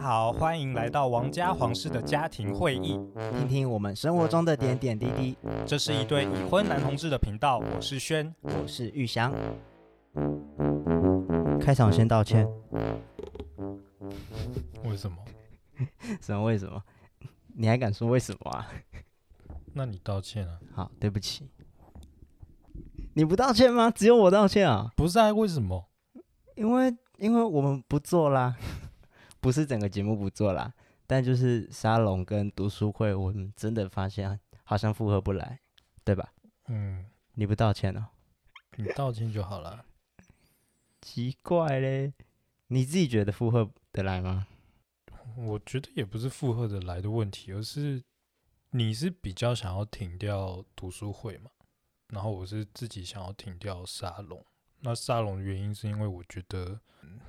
好，歡迎來到王家黃室的家庭會議，聽聽我們生活中的點點滴滴。這是一對已婚男同志的頻道，我是軒，我是玉祥。開場先道歉，為什麼？ 什麼為什麼？你還敢說為什麼啊？那你道歉啊？好，對不起。你不道歉嗎？只有我道歉啊？不是啊，為什麼？因為因為我們不做啦。不是整個節目不做啦，但就是沙龍跟讀書會，我們真的發現好像負荷不來，對吧？嗯，你不道歉哦，你道歉就好了。奇怪嘞，你自己覺得負荷得來嗎？我覺得也不是負荷得來的問題，而是你是比較想要停掉讀書會嘛，然後我是自己想要停掉沙龍。那沙龍的原因是因為我覺得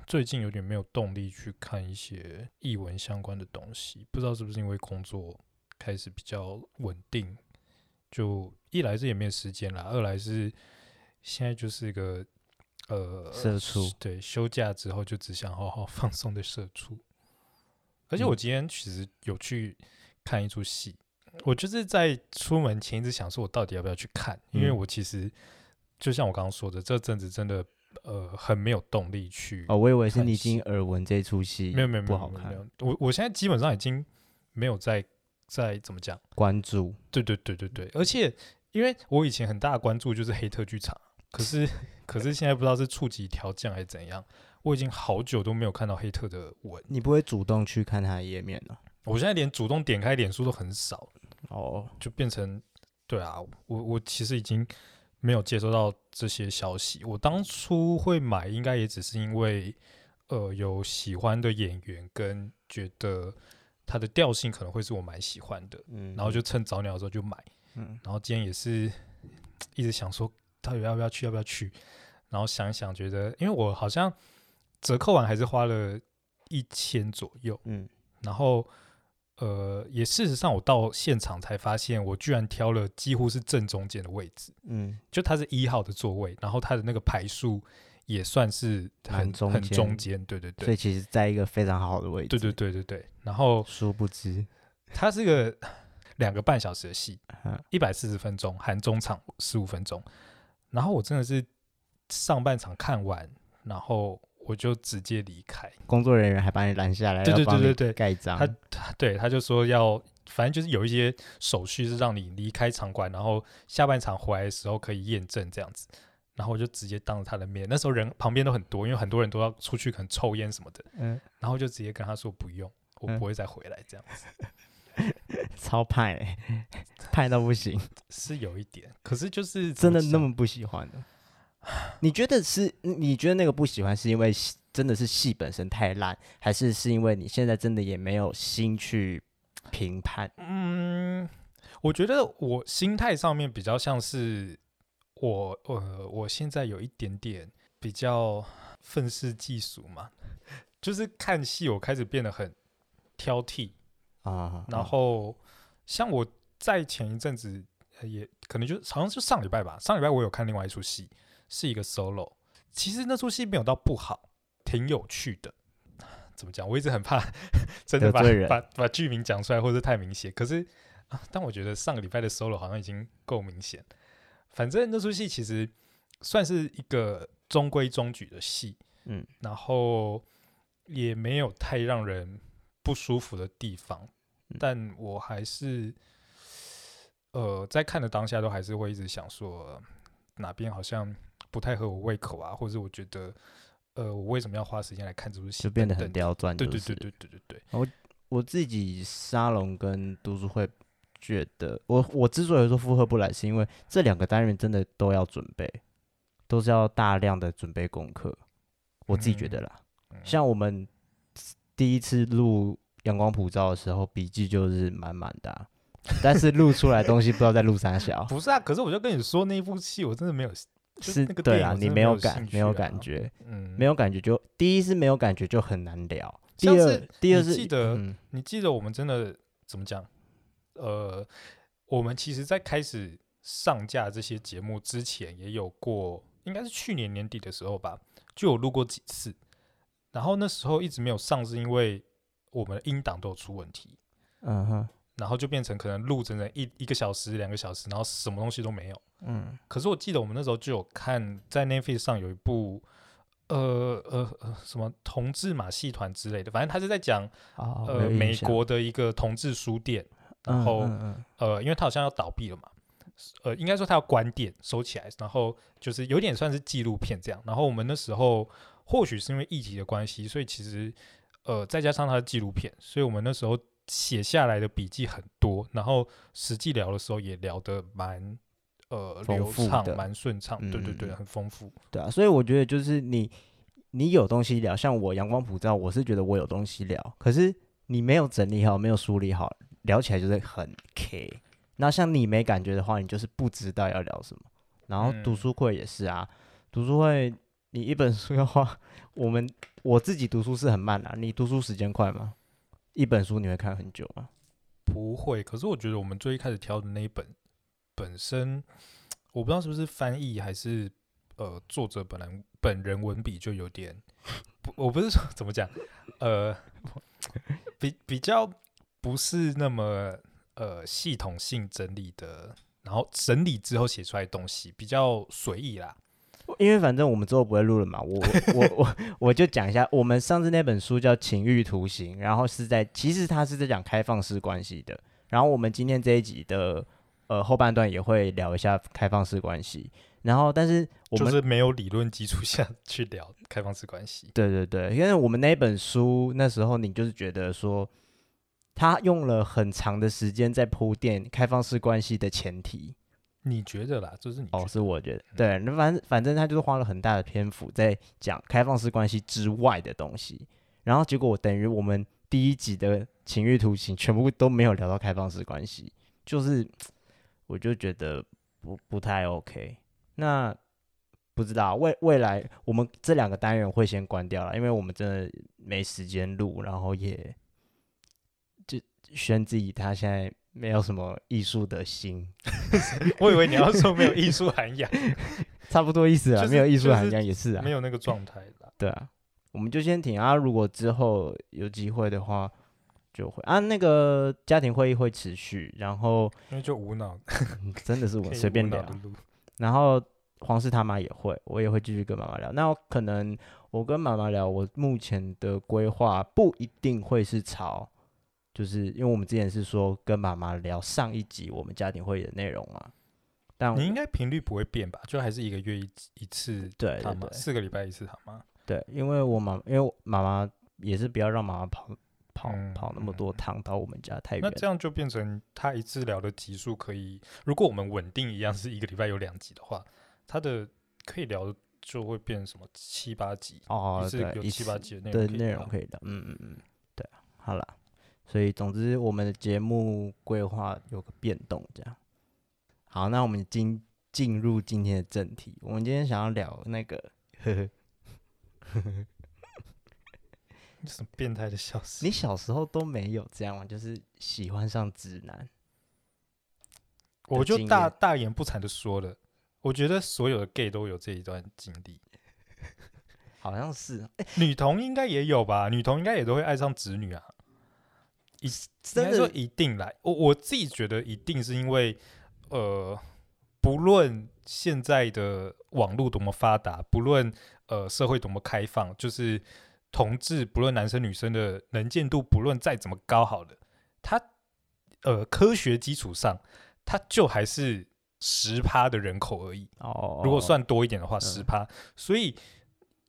最近有點沒有動力去看一些藝文相關的東西，不知道是不是因為工作開始比較穩定，就一來是也沒有時間啦，二來是現在就是一個呃社畜，對，休假之後就只想好好放鬆的社畜。而且我今天其實有去看一出戲，我就是在出門前一直想說，我到底要不要去看，因為我其實。就像我剛剛說的，這陣子真的呃很沒有動力去哦。我以為是你已經耳聞這出戲，沒有沒有沒有，不好看。我我現在基本上已經沒有在在怎麼講關注。對對對對對，而且因為我以前很大的關注就是黑特劇場，可是 可是現在不知道是觸及條件還是怎樣，我已經好久都沒有看到黑特的文。你不會主動去看他的頁面了。我現在連主動點開臉書都很少哦，就變成對啊，我我其實已經。沒有接收到這些消息。我當初會買，應該也只是因為，呃，有喜歡的演員跟覺得他的調性可能會是我蠻喜歡的，嗯，然後就趁早鳥的時候就買，嗯，然後今天也是一直想說，到底要不要去，要不要去，然後想一想，覺得因為我好像折扣完還是花了一千左右，嗯，然後。呃，也事實上，我到現場才發現，我居然挑了幾乎是正中間的位置。嗯，就它是一號的座位，然後它的那個排數也算是很中間很中間，對對對，所以其實在一個非常好的位置。對對對對對。然後，殊不知，它是一個兩個半小時的戲，一百四十分鐘含中場十五分鐘。然後我真的是上半場看完，然後。我就直接離開，工作人員還把你攔下來，對對對對對，蓋章。他他對他就說要，反正就是有一些手續是讓你離開場館，然後下半場回來的時候可以驗證這樣子。然後我就直接當着他的面，那時候人旁邊都很多，因為很多人都要出去可能抽菸什麼的。嗯。然後就直接跟他說不用，我不會再回來這樣子。嗯、 超派、欸，派到不行 是，是有一點，可是就是真的那麼不喜歡的你覺得是？你覺得那個不喜歡是因為真的是戲本身太爛，還是是因為你現在真的也沒有心去評判？嗯，我覺得我心態上面比較像是我，呃，我現在有一點點比較憤世嫉俗嘛，就是看戲我開始變得很挑剔啊。啊然後像我在前一陣子也可能就好像是上禮拜吧，上禮拜我有看另外一出戲。是一個 solo，其實那出戲沒有到不好，挺有趣的。怎麼講？我一直很怕，呵呵真的把把把劇名講出來，或者太明顯。可是啊，但我覺得上個禮拜的 solo 好像已經夠明顯。反正那出戲其實算是一個中規中矩的戲，嗯，然後也沒有太讓人不舒服的地方。嗯，但我還是，呃，在看的當下都還是會一直想說哪邊好像。不太合我胃口啊，或者是我覺得，呃，我為什麼要花時間來看這部戲？就變得很刁鑽、就是，對，對對對對對對對。我我自己沙龍跟讀書會覺得，我我之所以說負荷不來，是因為這兩個單元真的都要準備，都是要大量的準備功課。我自己覺得啦，嗯嗯、像我們第一次錄《陽光普照》的時候，筆記就是滿滿的、啊，但是錄出來的東西不知道在錄啥小 不是啊，可是我就跟你說，那一部戲我真的沒有。就是啊，是對啊，你沒有感，沒有感覺，嗯，沒有感覺，就第一是沒有感覺就很難聊。第二，第二是你記得，嗯、你記得我們真的怎麼講？呃，我們其實在開始上架這些節目之前，也有過，應該是去年年底的時候吧，就有錄過幾次。然後那時候一直沒有上，是因為我們的音檔都有出問題。嗯，嗯然後就變成可能錄整整一一個小時、兩個小時，然後什麼東西都沒有。嗯。可是我記得我們那時候就有看在 Netflix 上有一部，呃呃呃，什麼同志馬戲團之類的，反正他是在講呃美國的一個同志書店，然後呃，因為他好像要倒閉了嘛，呃，應該說他要關店收起來，然後就是有點算是紀錄片這樣。然後我們那時候或許是因為議題的關係，所以其實呃再加上他的紀錄片，所以我們那時候。寫下來的筆記很多，然後實際聊的時候也聊得蠻呃流暢，蠻順暢，嗯、對對對，很豐富，對啊。所以我覺得就是你你有東西聊，像我陽光普照，我是覺得我有東西聊，可是你沒有整理好，沒有梳理好，聊起來就是很 K。那像你沒感覺的話，你就是不知道要聊什麼。然後讀書會也是啊，嗯、讀書會你一本書的話，我們我自己讀書是很慢啊，你讀書時間快嗎？一本書你會看很久嗎？不會，可是我覺得我們最一開始挑的那一本本身，我不知道是不是翻譯還是呃作者本人本人文筆就有點不，我不是說怎麼講，呃， 比比較不是那麼呃系統性整理的，然後整理之後寫出來的東西比較隨意啦。因為反正我們之後不會錄了嘛，我我我我，我就講一下，我們上次那本書叫《情欲圖形》，然後是在其實它是在講開放式關係的，然後我們今天這一集的呃後半段也會聊一下開放式關係，然後但是我們是沒有理論基礎下去聊開放式關係，對對對，因為我們那本書那時候你就是覺得說，他用了很長的時間在鋪墊開放式關係的前提。你覺得吧，就是你哦，是我覺得，對，那反反正他就是花了很大的篇幅在講開放式關係之外的東西，然後結果我等於我們第一集的情欲圖形全部都沒有聊到開放式關係，就是我就覺得不不太 OK，那不知道未未來我們這兩個單元會先關掉啦，因為我們真的沒時間錄，然後也就宣自己他現在。沒有什麼藝術的心， 我以為你要說沒有藝術涵養，差不多意思啊、就是，沒有藝術涵養也是啊，沒有那個狀態了。對啊，我們就先停啊，如果之後有機會的話，就會啊。那個家庭會議會持續，然後那就無腦， 真的是我隨便聊。然後黃室他媽也會，我也會繼續跟媽媽聊。那我可能我跟媽媽聊，我目前的規劃不一定會是朝就是因為我們之前是說跟媽媽聊上一集我們家庭會議的內容嘛，但我，你應該頻率不會變吧？就還是一個月一一次嗎？對對對，四個禮拜一次，好嗎？對，因為我媽，因為媽媽也是不要讓媽媽跑、跑、嗯、跑那麼多趟到我們家太遠。那這樣就變成她一次聊的集數可以，如果我們穩定一樣是一個禮拜有兩集的話，她、嗯、的可以聊的就會變什麼七八集哦，是有七八集的內、內容、容可以聊。嗯嗯嗯，對，好了。所以，總之，我們的節目規劃有個變動，這樣。好，那我們進進入今天的正題。我們今天想要聊那個，什麼變態的小事。你小時候都沒有這樣嗎？就是喜歡上直男？我就大大言不慚的說了，我覺得所有的 gay 都有這一段經歷。好像是，女同應該也有吧？女同應該也都會愛上直女啊。以真的。就一定來，我我自己覺得一定是因為，呃，不論現在的網絡多麼發達，不論呃社會多麼開放，就是同志不論男生女生的能見度，不論再怎麼高好了，他呃科學基礎上，他就還是十趴的人口而已。哦，如果算多一點的話，十趴、嗯。所以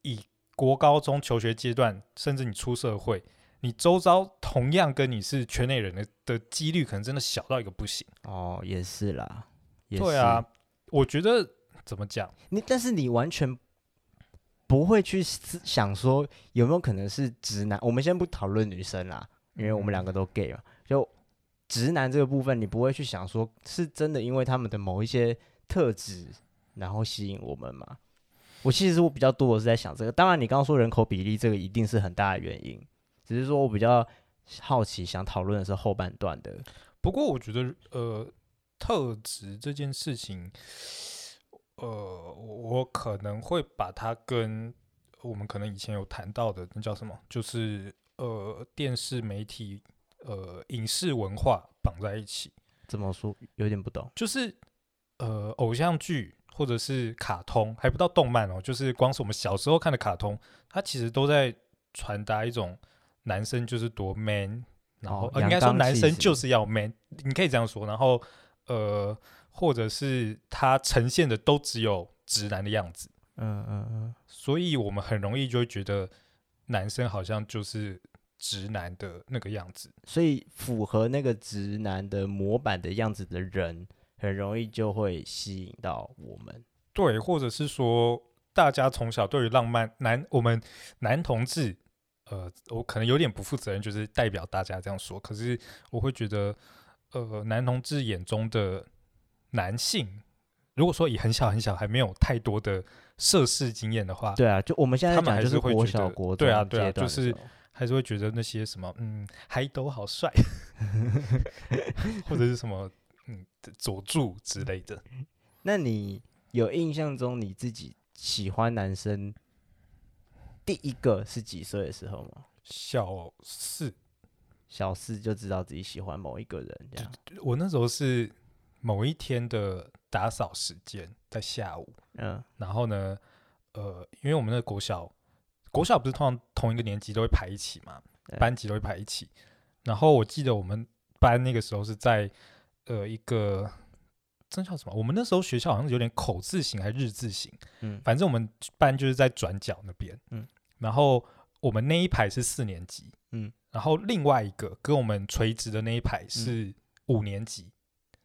以國高中求學階段，甚至你出社會。你周遭同樣跟你是圈內人的的幾率，可能真的小到一個不行。哦，也是啦，也是。對啊，我覺得怎麼講？你但是你完全不會去想說有沒有可能是直男？我們先不討論女生啦，因為我們兩個都 gay 嘛。嗯。就直男這個部分，你不會去想說是真的因為他們的某一些特質，然後吸引我們嗎？我其實我比較多的是在想這個。當然，你剛剛說人口比例這個一定是很大的原因。只是說，我比較好奇，想討論的是後半段的。不過我覺得，呃，特質這件事情，呃，我可能會把它跟我們可能以前有談到的那叫什麼，就是呃，電視媒體、呃，影視文化綁在一起。怎麼說？有點不懂。就是呃，偶像劇或者是卡通，還不到動漫哦，就是光是我們小時候看的卡通，它其實都在傳達一種。男生就是多 man，然後應該說男生就是要 man，、嗯、你可以這樣說。然後，呃，或者是他呈現的都只有直男的樣子，嗯嗯嗯。嗯嗯所以我們很容易就會覺得男生好像就是直男的那個樣子，所以符合那個直男的模板的樣子的人，很容易就會吸引到我們。對，或者是說大家從小對於浪漫男，我們男同志。呃，我可能有點不負責任，就是代表大家這樣說。可是我會覺得，呃，男同志眼中的男性，如果說以很小很小還沒有太多的涉世經驗的話，對啊，就我們現在他們還是會覺得，對啊，對啊，就是還是會覺得那些什麼，嗯，還都好帥， 或者是什麼，嗯，佐助之類的。那你有印象中你自己喜歡男生？第一個是幾歲的時候嗎？小四，小四就知道自己喜歡某一個人這樣。我那時候是某一天的打掃時間，在下午。嗯，然後呢，呃，因為我們的國小，國小不是通常同一個年級都會排一起嘛，對班級都會排一起。然後我記得我們班那個時候是在呃一個。真叫什麼？我們那時候學校好像有點口字形還是日字形，嗯，反正我們班就是在轉角那邊，嗯，然後我們那一排是四年級，嗯，然後另外一個跟我們垂直的那一排是五年級，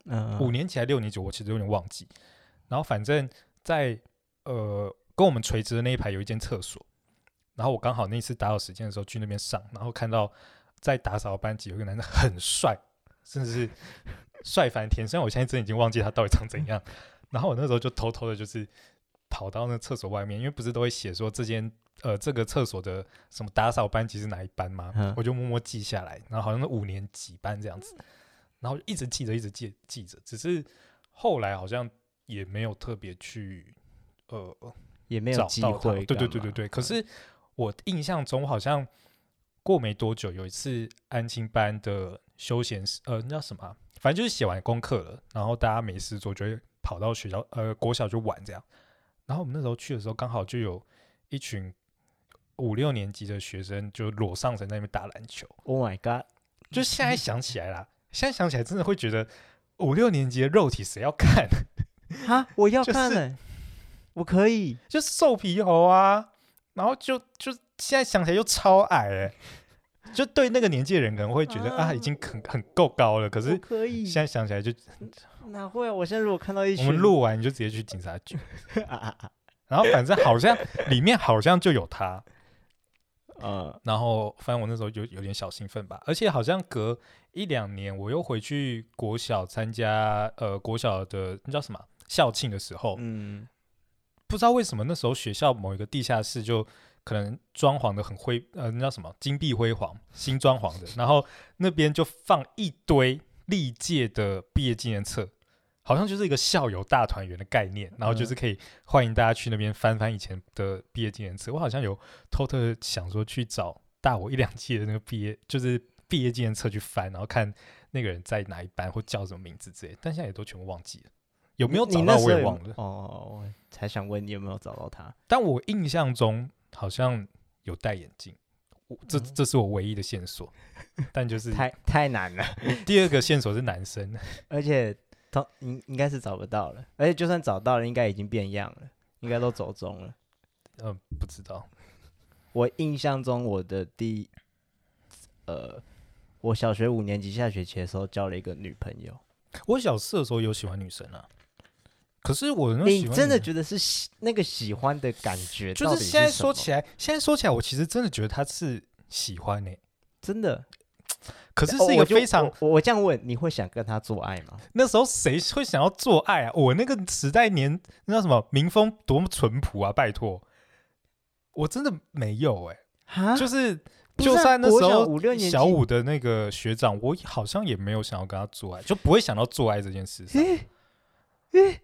嗯、五年級還六年級？我其實有點忘記。嗯、然後反正在，在呃跟我們垂直的那一排有一間廁所，然後我剛好那次打掃時間的時候去那邊上，然後看到在打掃班級有一個男生很帥，甚至是。 帥翻天！雖然我現在真的已經忘記他到底長怎樣，嗯、然後我那時候就偷偷的，就是跑到那廁所外面，因為不是都會寫說這間呃這個廁所的什麼打掃班級是哪一班嘛，嗯、我就默默記下來，然後好像是五年級班這樣子，嗯、然後一直記着，一直記記着，只是後來好像也沒有特別去呃也沒有機會，找到對,對對對對對。嗯、可是我印象中好像過沒多久，有一次安親班的休閒室呃那叫什麼、啊？反正就是寫完功課了，然後大家沒事做，就會跑到學校呃國小去玩這樣。然後我們那時候去的時候，剛好就有一群五六年級的學生就裸上身在那邊打籃球。Oh my god！就現在想起來啦，嗯、現在想起來真的會覺得五六年級的肉體誰要看？啊，我要看了， 就是、我可以，就瘦皮猴啊，然後就就現在想起來又超矮誒、欸。就對那個年紀的人可能會覺得啊，已經很很夠高了。可是現在想起來就哪會？我現在如果看到一些我們錄完你就直接去警察局。然後反正好像裡面好像就有他，呃，然後反正我那時候有有點小興奮吧。而且好像隔一兩年我又回去國小參加呃國小的那叫什麼校慶的時候，嗯，不知道為什麼那時候學校某一個地下室就。可能裝潢的很輝，呃，那叫什麼金碧輝煌，新裝潢的。然後那邊就放一堆歷屆的畢業紀念冊，好像就是一個校友大團圓的概念。然後就是可以歡迎大家去那邊翻翻以前的畢業紀念冊。嗯、我好像有偷偷的想說去找大我一兩屆的那個畢業，就是畢業紀念冊去翻，然後看那個人在哪一班或叫什麼名字之類。但現在也都全部忘記了，有沒有找到我也忘了，你那時候。哦，我才想問你有沒有找到他？但我印象中。好像有戴眼鏡，這這是我唯一的線索，但就是、嗯、太太難了。第二個線索是男生，而且同應應該是找不到了，而且就算找到了，應該已經變樣了，應該都走鐘了。嗯，不知道。我印象中，我的第呃，我小學五年級下學期的時候交了一個女朋友。我小四的時候有喜歡女生啊。可是我，你，欸啊啊欸、你真的覺得是喜那個喜歡的感覺？就是現在說起來，現在說起來，起來我其實真的覺得他是喜歡呢，真的。可是是一個非常……哦、我，我，我這樣問，你會想跟他做愛嗎？那時候誰會想要做愛啊？我那個時代年那叫什麼民風多麼淳樸啊！拜托，我真的沒有哎、欸、哈就是就算那時候小五，小五的那個學長，我好像也沒有想要跟他做愛，就不會想到做愛這件事上。欸欸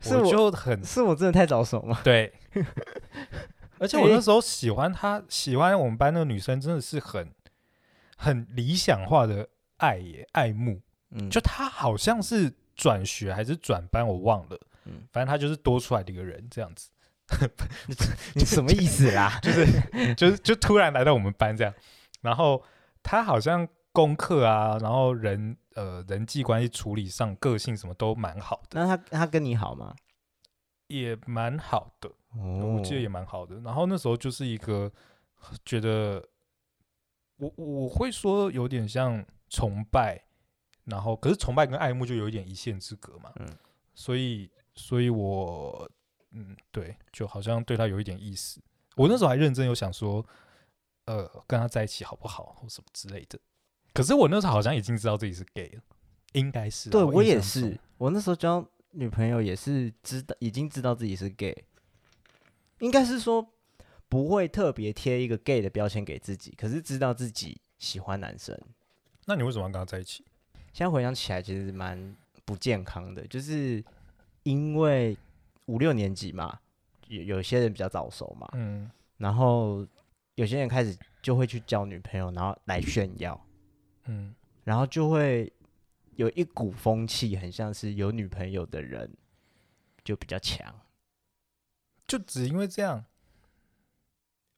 是我，我就很，是我真的太早熟嗎？對， 而且我那時候喜歡他，欸、喜歡我們班那個女生，真的是很很理想化的愛耶，愛慕。嗯，就她好像是轉學還是轉班，我忘了。嗯，反正她就是多出來的一個人這樣子。你、 就是、你什麼意思啦？就是就是就突然來到我們班這樣，然後她好像。功課啊，然後人呃人際關係處理上，個性什麼都蠻好的。那他他跟你好嗎？也蠻好的，哦嗯，我記得也蠻好的。然後那時候就是一個覺得我我會說有點像崇拜，然後可是崇拜跟愛慕就有一點一線之隔嘛嗯。嗯，所以所以我嗯對，就好像對他有一點意思。我那時候還認真有想說，呃，跟他在一起好不好，或什麼之類的。可是我那時候好像已經知道自己是 gay 了，應該是。對，我也是，我那時候交女朋友也是知道，已經知道自己是 gay，應該是說不會特別貼一個 gay 的標籤給自己，可是知道自己喜歡男生。那你為什麼要跟他在一起？現在回想起來，其實蠻不健康的，就是因為五六年級嘛，有有些人比較早熟嘛，嗯，然後有些人開始就會去交女朋友，然後來炫耀。嗯，然後就會有一股風氣，很像是有女朋友的人就比較強，就只因為這樣。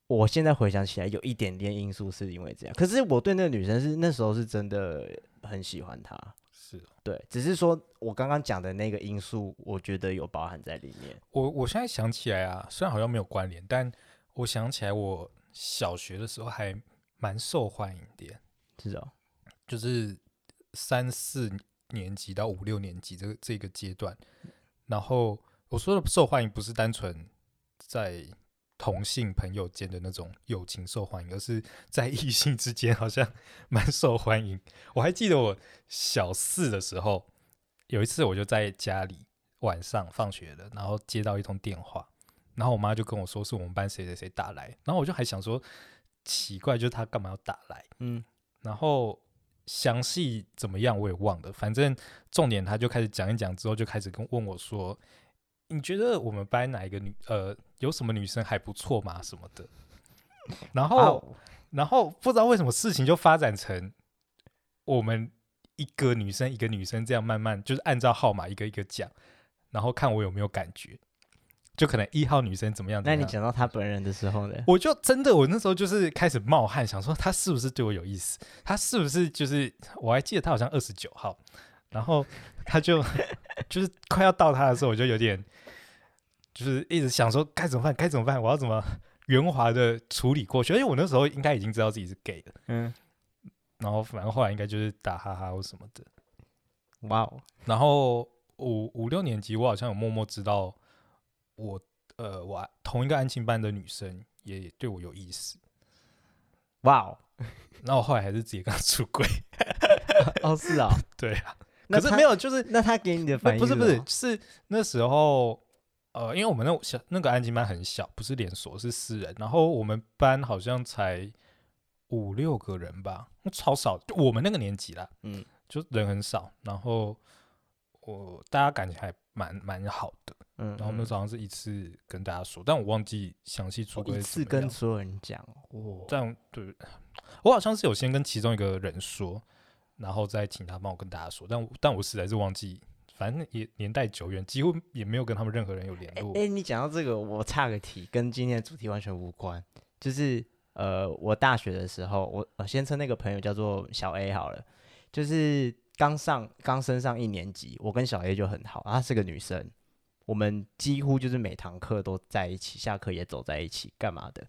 我現在回想起來，有一點點因素是因為這樣。可是我對那個女生是那時候是真的很喜歡她，是、哦、對，只是說我剛剛講的那個因素，我覺得有包含在裡面。我我現在想起來啊，雖然好像沒有關聯，但我想起來，我小學的時候還蠻受歡迎的，這種、哦。就是三四年級到五六年級這個這個階段，然後我說的受歡迎不是單純在同性朋友間的那種友情受歡迎，而是在異性之間好像蠻受歡迎。我還記得我小四的時候，有一次我就在家裡晚上放學了，然後接到一通電話，然後我媽就跟我說是我們班誰誰誰打來，然後我就還想說奇怪，就是他幹嘛要打來？嗯，然後。詳細怎麼樣我也忘了，反正重點他就開始講一講，之後就開始跟問我說：“你覺得我們班哪一個女呃，有什麼女生還不錯嘛，什麼的？”然後、哦、然後不知道為什麼事情就發展成我們一個女生一個女生這樣慢慢就是按照號碼一個一個講，然後看我有沒有感覺。就可能一號女生怎麼樣？那你講到她本人的時候呢？我就真的，我那時候就是開始冒汗，想說她是不是對我有意思？她是不是就是？我還記得她好像二十九號，然後她就 就是快要到她的時候，我就有點就是一直想說該怎麼辦？該怎麼辦？我要怎麼圓滑的處理過去？而且我那時候應該已經知道自己是 gay 了，嗯。然後反正後來應該就是打哈哈或什麼的。哇哦 Wow！然後五五六年級，我好像有默默知道。我呃，我、啊、同一個安親班的女生也，也對我有意思，哇哦！那我後來還是直接跟她出櫃。 哦，是啊、哦， 對啊。他可是沒有，就是那他給你的反應是不是不是、就是那時候呃，因為我們那小那個安親班很小，不是連鎖是私人，然後我們班好像才五六個人吧，超少。就我們那個年級啦，嗯，就人很少。然後我大家感情還蠻蠻好的。嗯，然後我們早上是一次跟大家說，嗯嗯，但我忘記詳細說過一次跟所有人講哦。這樣對，我好像是有先跟其中一個人說，然後再請他幫我跟大家說，但我但我實在是忘記，反正也年代久遠，幾乎也沒有跟他們任何人有聯絡。哎、欸欸，你講到這個，我岔個題，跟今天的主題完全無關，就是呃，我大學的時候，我我先稱那個朋友叫做小 A 好了，就是剛上剛升上一年級，我跟小 A 就很好，她是個女生。我們幾乎就是每堂課都在一起，下課也走在一起，幹嘛的，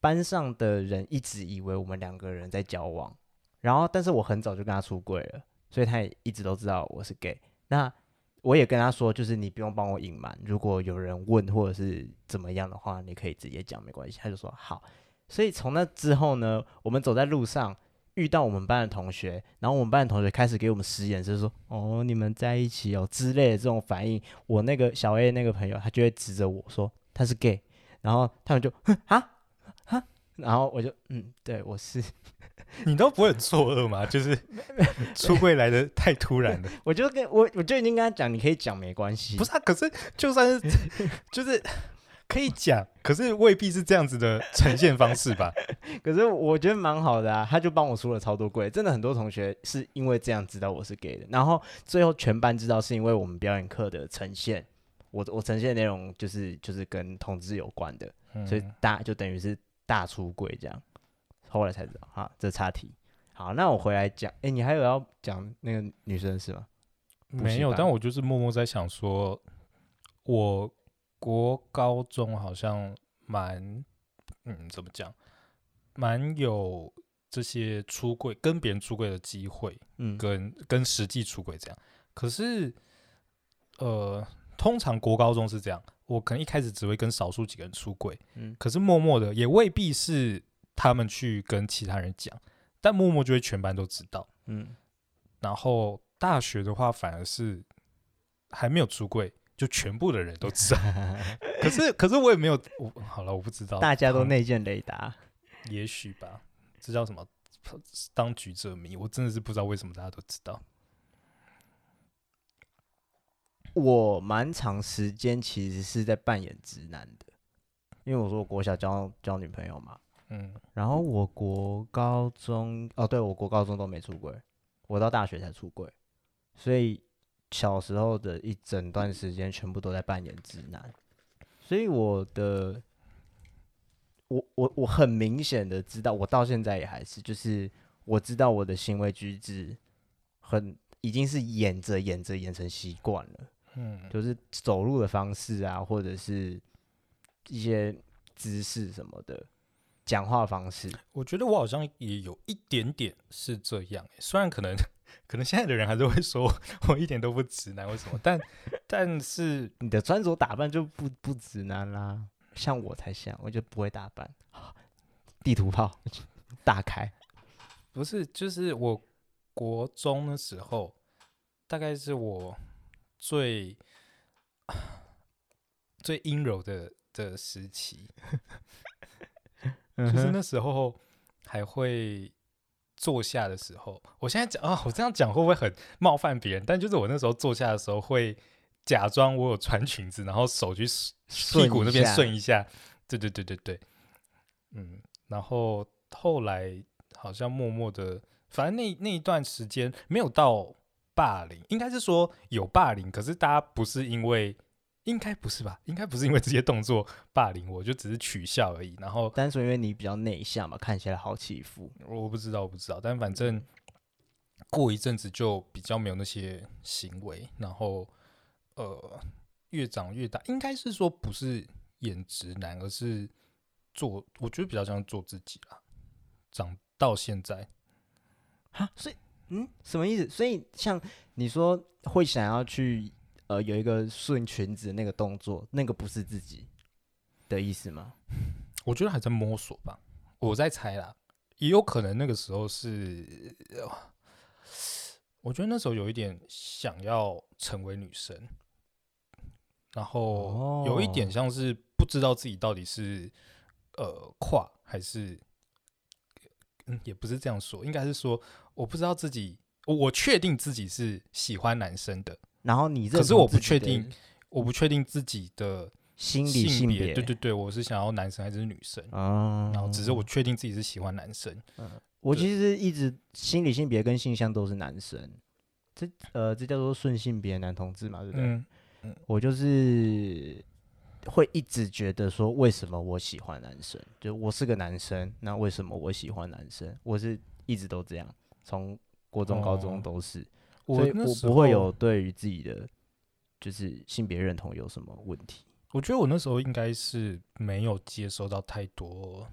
班上的人一直以為我們兩個人在交往，然後但是我很早就跟他出櫃了，所以他也一直都知道我是 gay。那我也跟他說，就是你不用幫我隱瞞，如果有人問或者是怎麼樣的話，你可以直接講，沒關係。他就說好。所以從那之後呢，我們走在路上，遇到我們班的同學，然後我們班的同學開始給我們施眼色就是說：“哦，你們在一起哦”之類的這種反應。我那個小 A 那個朋友，他就會指着我說：“他是 gay。”然後他們就啊啊，哈哈然後我就嗯，對我是，你都不會很錯愕嘛？ 就是 出櫃來的太突然了。 我就跟我我就已經跟他講，你可以講沒關係。不是、啊，可是就算是 就是。可以講，可是未必是這樣子的呈現方式吧？ 可是我覺得蠻好的啊，他就幫我出了超多櫃，真的很多同學是因為這樣知道我是 gay 的，然後最後全班知道是因為我們表演課的呈現，我我呈現的內容就是就是跟同志有關的，嗯、所以大就等於是大出櫃這樣，後來才知道哈，這插題。好，那我回來講，誒、欸，你還有要講那個女生是嗎？沒有，但我就是默默在想說，我。國高中好像蠻，嗯，怎麼講？蠻有這些出櫃跟別人出櫃的機會，嗯，跟跟實際出軌這樣。可是，呃，通常國高中是這樣，我可能一開始只會跟少數幾個人出櫃，嗯，可是默默的也未必是他們去跟其他人講，但默默就會全班都知道，嗯。然後大學的話，反而是還沒有出櫃。就全部的人都知道， 可是可是我也沒有，我好了，我不知道，大家都內建雷達，也許吧，這叫什麼？當局者迷，我真的是不知道為什麼大家都知道。我蠻長時間其實是在扮演直男的，因為我說我國小交交女朋友嘛，嗯，然後我國高中哦，對，我國高中都沒出櫃，我到大學才出櫃，所以。小時候的一整段時間，全部都在扮演直男，所以我的，我我我很明顯的知道，我到現在也還是，就是我知道我的行為舉止很，已經是演着演着演成習慣了，嗯，就是走路的方式啊，或者是一些姿勢什麼的。講話方式，我覺得我好像也有一點點是這樣。雖然可能，可能現在的人還是會說我一點都不直男，為什麼？ 但，但是你的穿着打扮就不不直男啦。像我才像，我就不會打扮。地圖炮大開，不是，就是我國中的時候，大概是我最最陰柔的的時期。 嗯、就是那時候還會坐下的時候，我現在講啊、哦，我這樣講會不會很冒犯別人？但就是我那時候坐下的時候，會假裝我有穿裙子，然後手去屁股那邊順一下。順一下對對對對對，嗯，然後後來好像默默的，反正那那一段時間沒有到霸凌，應該是說有霸凌，可是大家不是因為。應該不是吧？應該不是因為這些動作霸凌我，就只是取笑而已。然後單純因為你比較內向嘛，看起來好欺負。我不知道，我不知道。但反正過一陣子就比較沒有那些行為。然後呃，越長越大，應該是說不是演直男，而是做。我覺得比較像做自己了。長到現在哈、啊，所以嗯，什麼意思？所以像你說會想要去。呃，有一個順裙子那個動作，那個不是自己的意思嗎？我覺得還在摸索吧，我在猜啦。也有可能那個時候是，我覺得那時候有一點想要成為女生，然後有一點像是不知道自己到底是、哦、呃跨還是、嗯，也不是這樣說，應該是說我不知道自己，我確定自己是喜歡男生的。然後你這可是我不確定，對我不確定自己的心理性別，對對對，我是想要男生還是女生啊？嗯、然後只是我確定自己是喜歡男生。嗯，對我其實一直心理性別跟性向都是男生，這呃，這叫做順性別男同志嘛，對不對？嗯，嗯我就是會一直覺得說，為什麼我喜歡男生？就我是個男生，那為什麼我喜歡男生？我是一直都這樣，從國中、高中都是。哦我我不會有對於自己的就是性別認同有什麼問題。我覺得我那時候應該是沒有接收到太多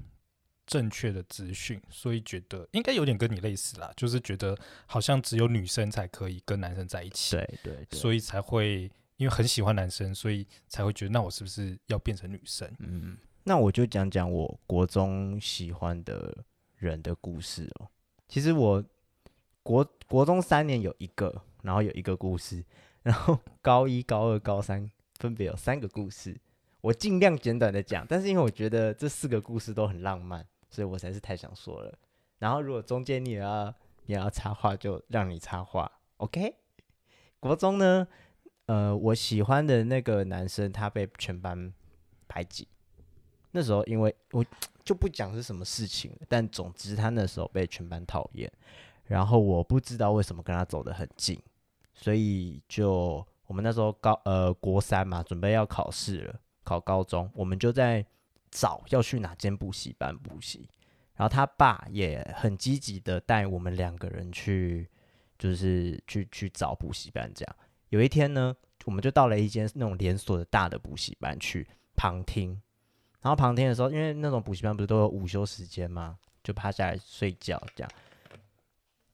正確的資訊，所以覺得應該有點跟你類似啦，就是覺得好像只有女生才可以跟男生在一起，對對，所以才會因為很喜歡男生，所以才會覺得那我是不是要變成女生？嗯，那我就講講我國中喜歡的人的故事哦。其實我。國國中三年有一個，然後有一個故事，然後高一、高二、高三分別有三個故事。我盡量簡短的講，但是因為我覺得這四個故事都很浪漫，所以我實在是太想說了。然後如果中間你也要，你也要插話，就讓你插話。OK，國中呢，呃，我喜歡的那個男生他被全班排擠。那時候因為我就不講是什麼事情，但總之他那時候被全班討厭。然後我不知道為什麼跟他走得很近，所以就我們那時候高，呃，國三嘛，準備要考試了，考高中，我們就在找要去哪間補習班補習。然後他爸也很積極的帶我們兩個人去，就是去去找補習班。這樣有一天呢，我們就到了一間那種連鎖的大的補習班去旁聽。然後旁聽的時候，因為那種補習班不是都有午休時間嗎？就趴下來睡覺這樣。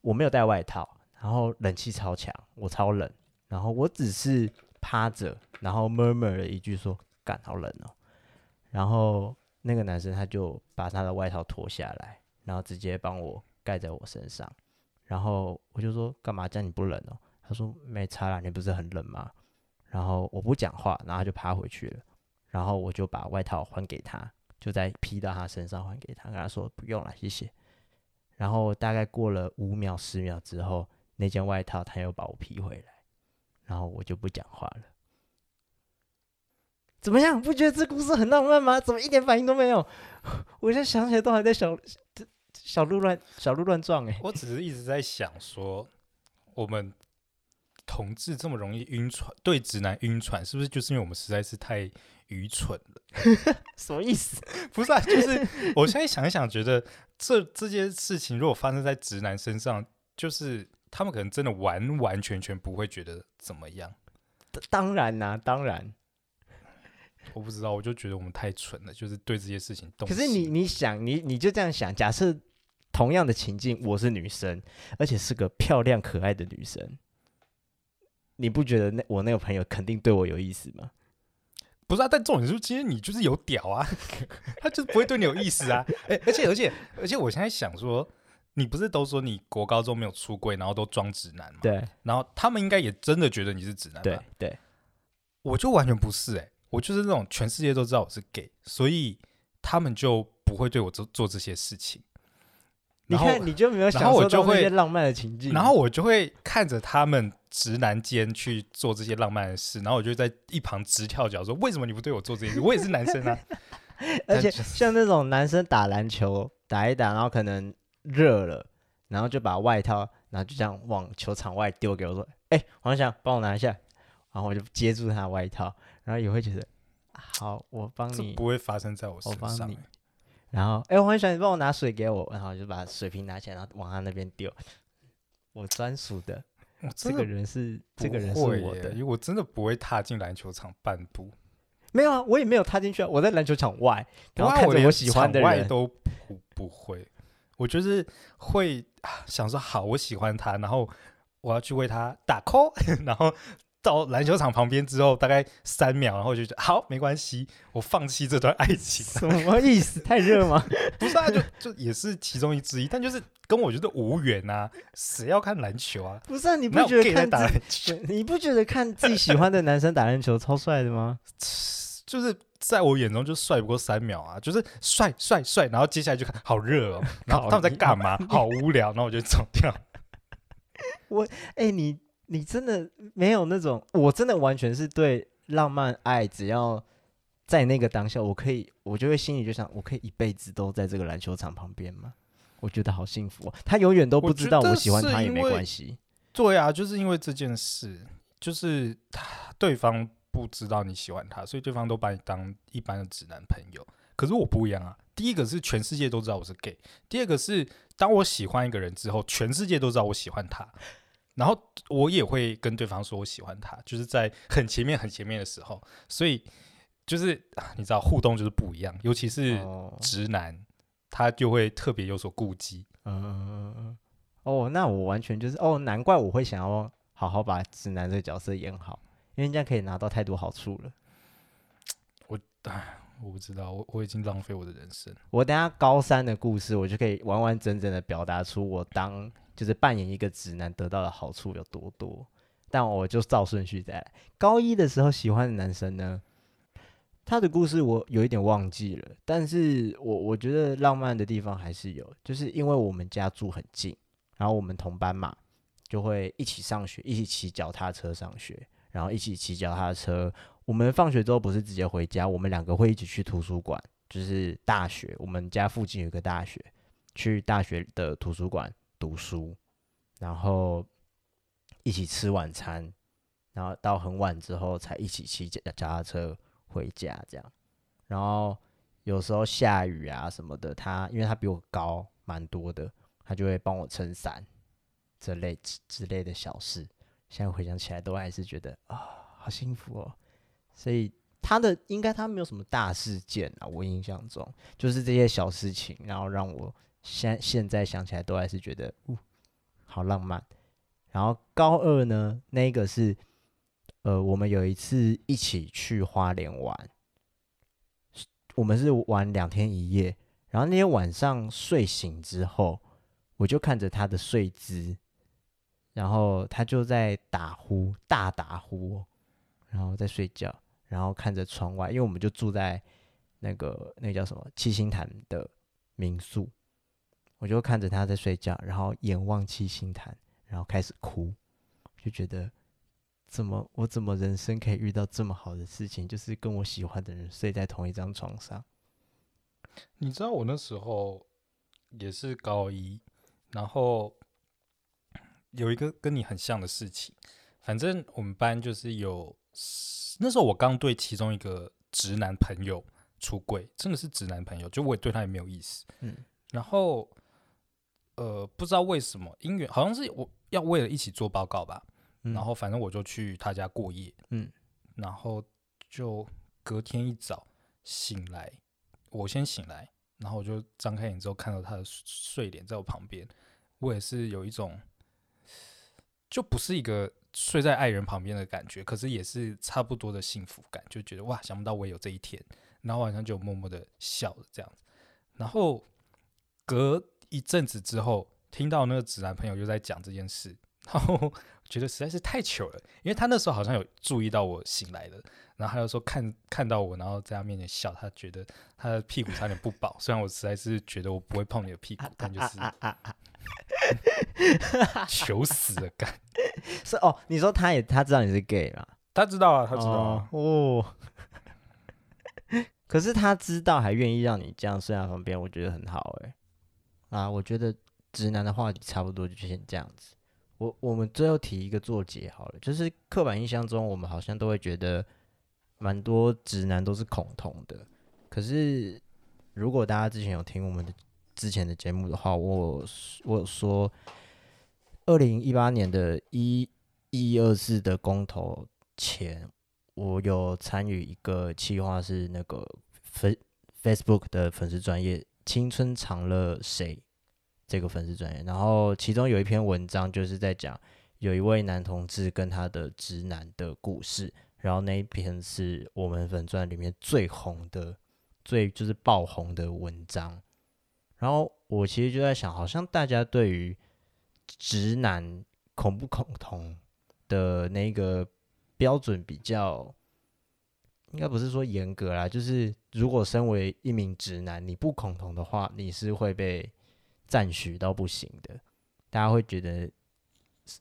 我沒有帶外套，然後冷氣超強，我超冷，然後我只是趴着，然後 murmur 了一句說，幹，好冷哦。然後那個男生他就把他的外套脫下來，然後直接幫我蓋在我身上，然後我就說幹嘛叫你不冷哦？他說沒差啦，你不是很冷嗎？然後我不講話，然後他就趴回去了，然後我就把外套還給他，就再披到他身上還給他，跟他說不用了，謝謝。然後大概過了五秒、十秒之後，那件外套他又把我披回來，然後我就不講話了。怎麼樣？不覺得這故事很浪漫嗎？怎麼一點反應都沒有？我現在想起來都還在想小小鹿亂小鹿亂撞哎、欸！我只是一直在想說，我們同志這麼容易暈船，對直男暈船，是不是就是因為我們實在是太……愚蠢了， 什麼意思？ 不是啊，就是我現在想一想，覺得這這件事情如果發生在直男身上，就是他們可能真的完完全全不會覺得怎麼樣。當然啦，當然，我不知道，我就覺得我們太蠢了，就是對這些事情動。可是你你想，你你就這樣想，假設同樣的情境，我是女生，而且是個漂亮可愛的女生，你不覺得那我那個朋友肯定對我有意思嗎？不是啊，但這種人就是今天你就是有屌啊， 他就不會對你有意思啊。欸，而且而且而且，而且而且我現在想說，你不是都說你國高中沒有出櫃，然後都裝直男嗎？對。然後他們應該也真的覺得你是直男吧對？對。我就完全不是哎、欸，我就是那種全世界都知道我是 gay，所以他們就不會對我做做這些事情。你看，你就沒有享受到這些浪漫的情境。然後我就會看着他們直男間去做這些浪漫的事，然後我就在一旁直跳腳說：“為什麼你不對我做這些？ 我也是男生啊！” 而且像那種男生打籃球打一打，然後可能熱了，然後就把外套，然後就這樣往球場外丟，給我說：“哎、嗯欸，黃翔，幫我拿一下。”然後我就接住他外套，然後也會覺得：“啊、好，我幫你。”不會發生在我身上、欸。然後，哎，黃一璇，你幫我拿水給我。然後就把水瓶拿起來，然後往他那邊丟。我專屬的，真的這個人是，不會 這個人是我的，因為、欸、我真的不會踏進籃球場半步。沒有啊，我也沒有踏進去啊，我在籃球場外，不然，然後看着我喜歡的人我都不，不會，我就是會想說好，我喜歡他，然後我要去為他打 call，然後。到籃球場旁邊之後，大概三秒，然後我就覺得好沒關係，我放棄這段愛情。什麼意思？太熱嗎？ 不是啊，就就也是其中一之一，但就是跟我覺得無緣啊。誰要看籃球啊？不是啊，你不覺得看打籃球？你不覺得看自己喜歡的男生打籃球超帥的嗎？ 就是在我眼中就帥不過三秒啊，就是帥帥帥，然後接下來就看好熱哦，然後他們在幹嘛？好無聊，那 我就走掉。我哎、欸、你。你真的沒有那種，我真的完全是對浪漫愛，只要在那個當下，我可以，我就會心裡就想，我可以一輩子都在這個籃球場旁邊嗎？我覺得好幸福啊。他永遠都不知道我喜歡他也沒關係。對啊，就是因為這件事，就是他對方不知道你喜歡他，所以對方都把你當一般的直男朋友。可是我不一樣啊，第一個是全世界都知道我是 gay，第二個是當我喜歡一個人之後，全世界都知道我喜歡他。然後我也會跟對方說我喜歡他，就是在很前面很前面的時候，所以就是、啊、你知道互動就是不一樣，尤其是直男，哦、他就會特別有所顧忌。嗯，哦，那我完全就是哦，難怪我會想要好好把直男這個角色演好，因為這樣可以拿到太多好處了。我哎。我不知道，我我已經浪費我的人生。我等下高三的故事，我就可以完完整整的表達出我當就是扮演一個直男得到的好處有多多。但我就照順序再來。高一的時候喜歡的男生呢，他的故事我有一點忘記了，但是我我覺得浪漫的地方還是有，就是因為我們家住很近，然後我們同班嘛，就會一起上學，一起騎腳踏車上學，然後一起騎腳踏車。我們放學之後不是直接回家，我們兩個會一起去圖書館，就是大學。我們家附近有個大學，去大學的圖書館讀書，然後一起吃晚餐，然後到很晚之後才一起騎腳踏車回家這樣。然後有時候下雨啊什麼的，他因為他比我高蠻多的，他就會幫我撐傘這類之類的小事。現在回想起來都還是覺得啊，哦，好幸福哦。所以他的應該他沒有什麼大事件啊，我印象中就是這些小事情，然後讓我現現在想起來都還是覺得嗚，好浪漫。然後高二呢，那個是呃我們有一次一起去花蓮玩，我們是玩兩天一夜，然後那天晚上睡醒之後，我就看着他的睡姿，然後他就在打呼，大打呼，然後在睡覺。然後看着窗外，因為我們就住在那個那個叫什麼七星潭的民宿，我就看着他在睡覺，然後眼望七星潭，然後開始哭，就覺得怎麼我怎麼人生可以遇到這麼好的事情，就是跟我喜歡的人睡在同一張床上。你知道我那時候也是高一，然後有一個跟你很像的事情，反正我們班就是有，那時候我剛對其中一個直男朋友出櫃，真的是直男朋友，就我也對他也沒有意思。嗯，然後呃，不知道為什麼因緣，好像是我要為了一起做報告吧。嗯，然後反正我就去他家過夜。嗯，然後就隔天一早醒來，我先醒來，然後我就張開眼之後看到他的睡臉在我旁邊，我也是有一種就不是一個。睡在愛人旁邊的感覺，可是也是差不多的幸福感，就覺得哇，想不到我也有這一天。然後晚上就默默的笑了這樣子。然後隔一陣子之後，聽到那個直男朋友就在講這件事，然後覺得實在是太糗了，因為他那時候好像有注意到我醒來了，然後他就說看看到我，然後在他面前笑，他覺得他的屁股差點不保。 雖然我實在是覺得我不會碰你的屁股，但就是。 求死的感。 是哦，你說他也，他知道你是 gay 啦？他知道啊，他知道啊。哦。哦 可是他知道還願意讓你這樣睡在旁邊，我覺得很好哎。啊，我覺得直男的話題差不多就先這樣子。我我們最後提一個作結好了，就是刻板印象中，我們好像都會覺得蠻多直男都是恐同的。可是如果大家之前有聽我們的。之前的節目的話，我有我有說二零一八年的一一二四的公投前，我有參與一個企劃，是那個粉 Facebook 的粉絲專頁“青春常樂誰”這個粉絲專頁，然後其中有一篇文章就是在講有一位男同志跟他的直男的故事，然後那一篇是我們粉專裡面最紅的、最就是爆紅的文章。然後我其實就在想，好像大家對於直男恐不恐同的那個標準比較，應該不是說嚴格啦，就是如果身為一名直男，你不恐同的話，你是會被讚許到不行的。大家會覺得，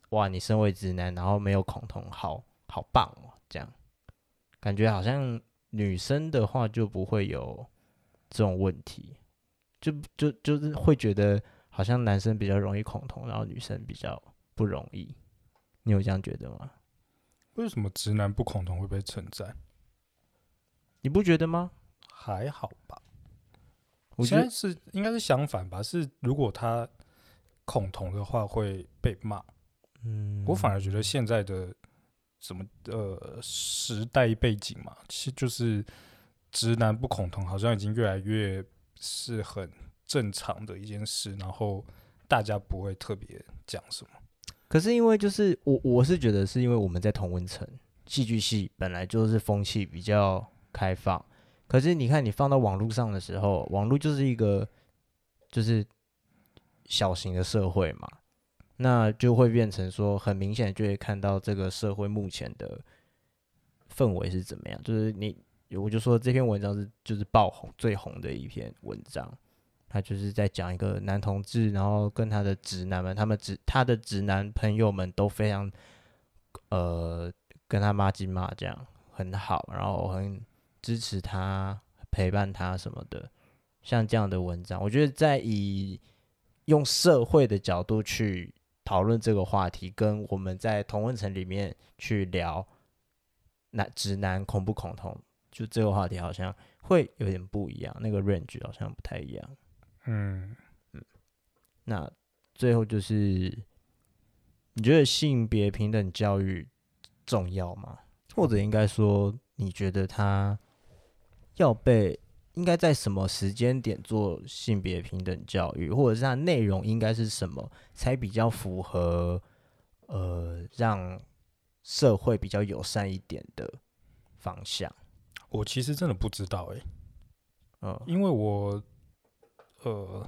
哇，你身為直男，然後沒有恐同好，好好棒哦！這樣。感覺好像女生的話就不會有這種問題。就就就是會覺得好像男生比較容易恐同，然後女生比較不容易。你有這樣覺得嗎？為什麼直男不恐同會被存在？你不覺得嗎？還好吧，我就，現在是應該是相反吧。是如果他恐同的話會被罵。嗯，我反而覺得現在的什麼呃時代背景嘛，其實就是直男不恐同，好像已經越來越。是很正常的一件事，然後大家不會特別講什麼。可是因為就是我，我是覺得是因為我們在同溫層，戲劇系本來就是風氣比較開放。可是你看你放到網絡上的時候，網絡就是一個就是小型的社會嘛，那就會變成說很明顯就會看到這個社會目前的氛圍是怎麼樣，就是你。我就說這篇文章是就是爆紅最紅的一篇文章，他就是在講一個男同志，然後跟他的直男們，他們直他的直男朋友們都非常呃跟他媽金媽這樣很好，然後我很支持他陪伴他什麼的，像這樣的文章，我覺得在以用社會的角度去討論這個話題，跟我們在同溫層裡面去聊那直男恐不恐同，就這個話題好像會有點不一樣，那個 range 好像不太一樣。嗯嗯，那最後就是，你覺得性別平等教育重要嗎？嗯、或者應該說，你覺得他要被應該在什麼時間點做性別平等教育，或者是它內容應該是什麼，才比較符合呃讓社會比較友善一點的方向？我其實真的不知道誒、欸，因為我，呃，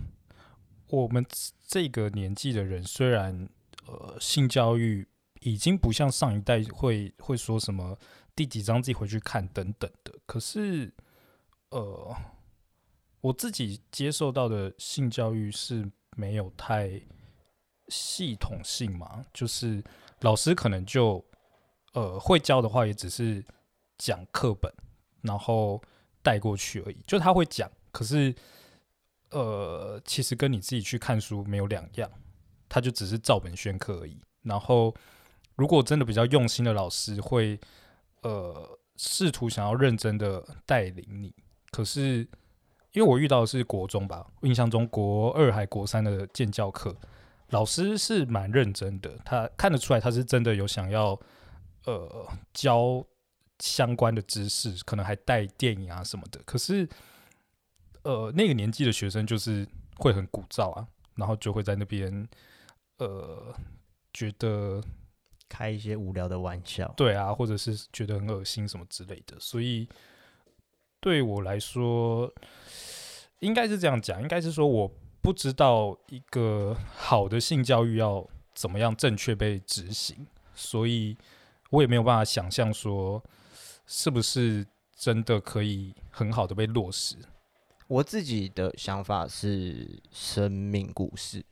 我們這個年紀的人，雖然呃，性教育已經不像上一代會會說什麼第幾章自己回去看等等的，可是呃，我自己接受到的性教育是沒有太系統性嘛，就是老師可能就呃會教的話，也只是講課本。然後帶過去而已，就他會講，可是呃，其實跟你自己去看書沒有兩樣，他就只是照本宣科而已。然後，如果真的比較用心的老師會呃，試圖想要認真的帶領你，可是因為我遇到的是國中吧，印象中國二還國三的健教課，老師是蠻認真的，他看得出來他是真的有想要呃教。相關的知識，可能還帶電影啊什麼的。可是，呃，那個年紀的學生就是會很古躁啊，然後就會在那邊，呃，覺得開一些無聊的玩笑，對啊，或者是覺得很噁心什麼之類的。所以，對我來說，應該是這樣講，應該是說我不知道一個好的性教育要怎麼樣正確被執行，所以我也沒有辦法想象說。是不是真的可以很好的被落實？我自己的想法是生命故事，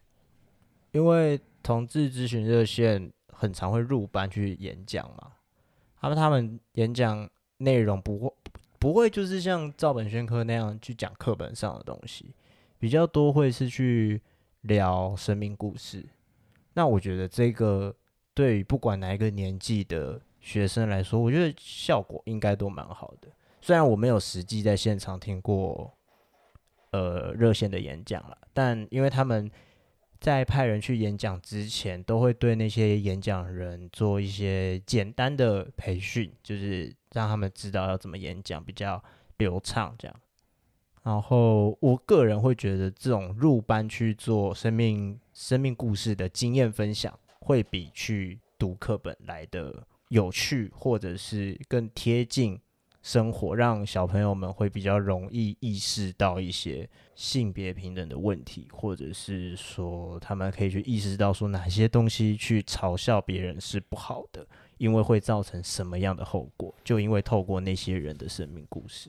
因為同志諮詢熱線很常會入班去演講嘛，他們他們演講內容不會不，不會就是像照本宣科那樣去講課本上的東西，比較多會是去聊生命故事。那我覺得這個對於不管哪一個年紀的。學生來說，我覺得效果應該都蠻好的。雖然我沒有實際在現場聽過，呃，熱線的演講啦，但因為他們在派人去演講之前，都會對那些演講人做一些簡單的培訓，就是讓他們知道要怎麼演講比較流暢。這樣，然後我個人會覺得，這種入班去做生命生命故事的經驗分享，會比去讀課本來的有趣，或者是更貼近生活，讓小朋友們會比較容易意識到一些性別平等的問題，或者是說他們可以去意識到說哪些東西去嘲笑別人是不好的，因為會造成什麼樣的後果。就因為透過那些人的生命故事，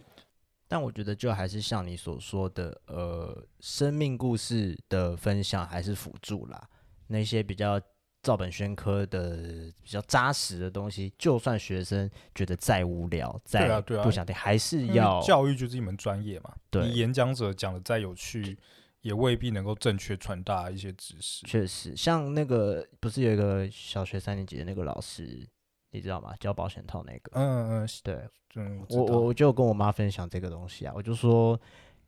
但我覺得就還是像你所說的，呃，生命故事的分享還是輔助啦，那些比較。照本宣科的比較扎實的東西，就算學生覺得再無聊，再不想聽，對啊、對啊、還是要、嗯、教育就是一門專業嘛。對，你演講者講的再有趣，嗯、也未必能夠正確傳達一些知識。嗯、確實，像那個不是有一個小學三年級的那個老師，你知道嗎？教保險套那個？嗯嗯，是對，嗯，對嗯，我我就跟我媽分享這個東西啊，我就說。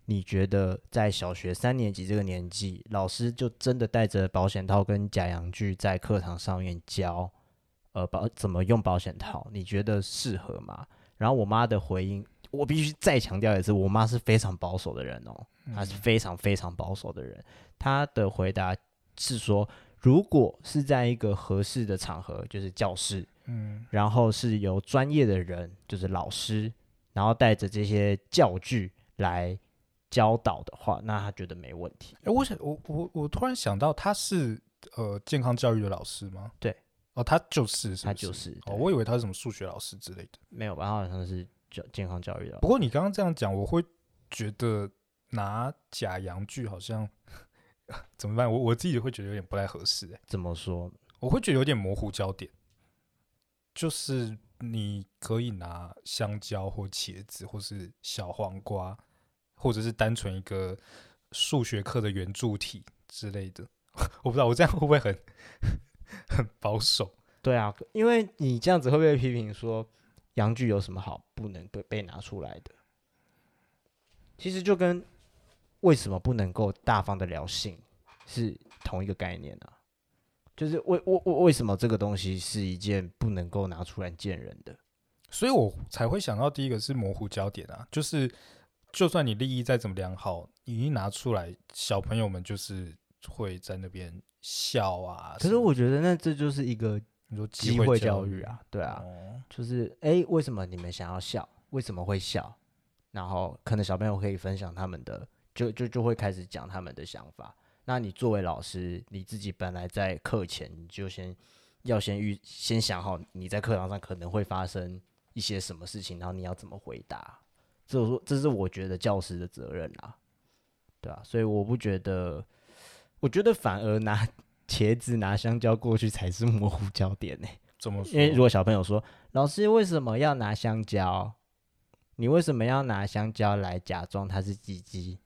你覺得在小學三年級這個年紀，老師就真的帶着保險套跟假陽具在課堂上面教，呃，保怎麼用保險套？你覺得適合嗎？然後我媽的回應，我必須再強調一次，我媽是非常保守的人哦，嗯、她是非常非常保守的人。她的回答是說，如果是在一個合適的場合，就是教室，嗯、然後是由專業的人，就是老師，然後帶着這些教具來。教導的話，那他覺得沒問題。哎、欸，我想，我我我突然想到，他是呃健康教育的老師嗎？對，哦，他就是，是，是，他就是。哦，我以為他是什麼數學老師之類的。沒有吧，他好像是教健康教育的。不過你剛剛這樣講，我會覺得拿假陽具好像 怎麼辦？我我自己會覺得有點不太合適、欸。怎麼說？我會覺得有點模糊焦點。就是你可以拿香蕉或茄子，或是小黃瓜。或者是單純一個數學課的圓柱體之類的，我不知道我這樣會不會很很保守？對啊，因為你這樣子會不會批評說陽具有什麼好不能被被拿出來的？其實就跟為什麼不能夠大方的聊性是同一個概念啊，就是為為為為什麼這個東西是一件不能夠拿出來見人的？所以我才會想到第一個是模糊焦點啊，就是。就算你利益再怎麼良好，你一拿出來，小朋友們就是會在那邊笑啊。可是我覺得那這就是一個你說機會教育啊，機會教育啊，對啊，嗯、就是哎、欸，為什麼你們想要笑？為什麼會笑？然後可能小朋友可以分享他們的，就就就會開始講他們的想法。那你作為老師，你自己本來在課前你就先要先預先想好你在課堂上可能會發生一些什麼事情，然後你要怎麼回答。這這是我覺得教師的責任啊，對吧、啊？所以我不覺得，我覺得反而拿茄子、拿香蕉過去才是模糊焦點呢。怎麼說？因為如果小朋友說：“老師為什麼要拿香蕉？你為什麼要拿香蕉來假裝它是雞雞？”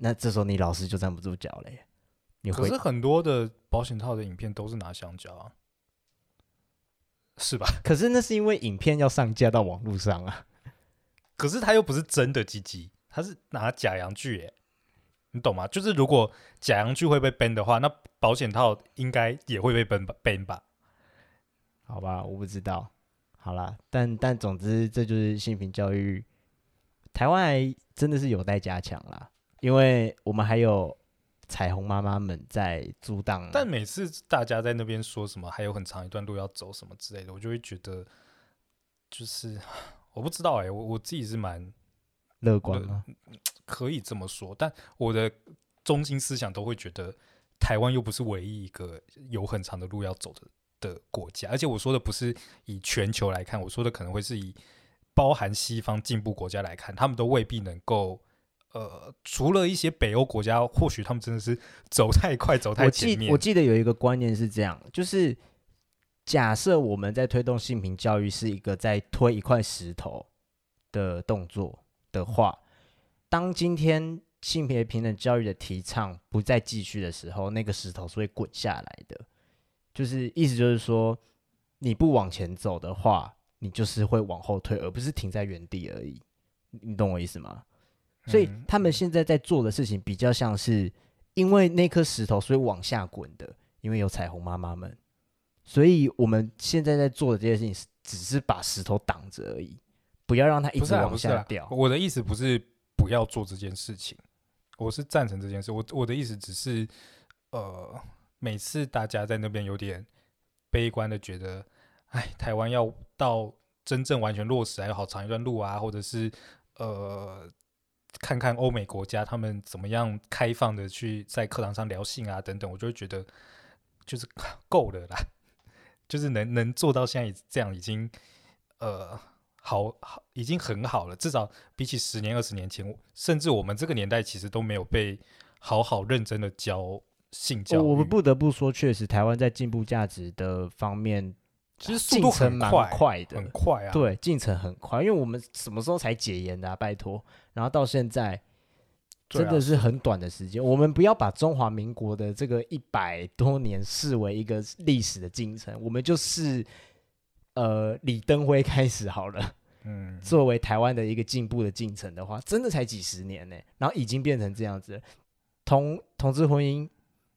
那這時候你老師就站不住腳了、欸。可是很多的保險套的影片都是拿香蕉啊，是吧？可是那是因為影片要上架到網絡上啊。可是他又不是真的雞雞，他是拿假陽具欸，你懂嗎？就是如果假陽具會被 ban 的話，那保險套應該也會被 ban, ban 吧？好吧，我不知道。好啦，但但總之，這就是性平教育，台灣還真的是有待加強啦。因為我們還有彩虹媽媽們在阻擋啊。但每次大家在那邊說什麼，還有很長一段路要走什麼之類的，我就會覺得，就是。我不知道哎、欸，我我自己是蠻樂觀的，可以這麼說。但我的中心思想都會覺得，台灣又不是唯一一個有很長的路要走的的國家。而且我說的不是以全球來看，我說的可能會是以包含西方進步國家來看，他們都未必能夠。呃，除了一些北歐國家，或許他們真的是走太快、走太前面。我記，我記得有一個觀念是這樣，就是。假設我們在推動性平教育是一個在推一塊石頭的動作的話，當今天性別平等教育的提倡不再繼續的時候，那個石頭是會滾下來的。就是意思就是說，你不往前走的話，你就是會往後退，而不是停在原地而已。你懂我意思嗎？所以他們現在在做的事情比較像是因為那顆石頭所以往下滾的，因為有彩虹媽媽們。所以我們現在在做的這件事情是，只是把石頭擋着而已，不要讓它一直往下掉，啊啊。我的意思不是不要做這件事情，我是贊成這件事。我我的意思只是，呃，每次大家在那邊有點悲觀的覺得，哎，台灣要到真正完全落實，還有好長一段路啊，或者是呃，看看歐美國家他們怎麼樣開放的去在課堂上聊性啊等等，我就會覺得就是夠了啦。就是能能做到現在這樣，已經呃好好已經很好了。至少比起十年、二十年前，甚至我們這個年代，其實都沒有被好好認真的教性教育。哦、我們不得不說，確實台灣在進步價值的方面，其實、啊、進程蠻快的，很快啊！對，進程很快，因為我們什麼時候才解嚴的、啊？拜託，然後到現在。真的是很短的時間，啊、我們不要把中華民國的這個一百多年視為一個歷史的進程，我們就是呃李登輝開始好了，嗯，作為台灣的一個進步的進程的話，真的才幾十年呢？欸，然後已經變成這樣子，同同志婚姻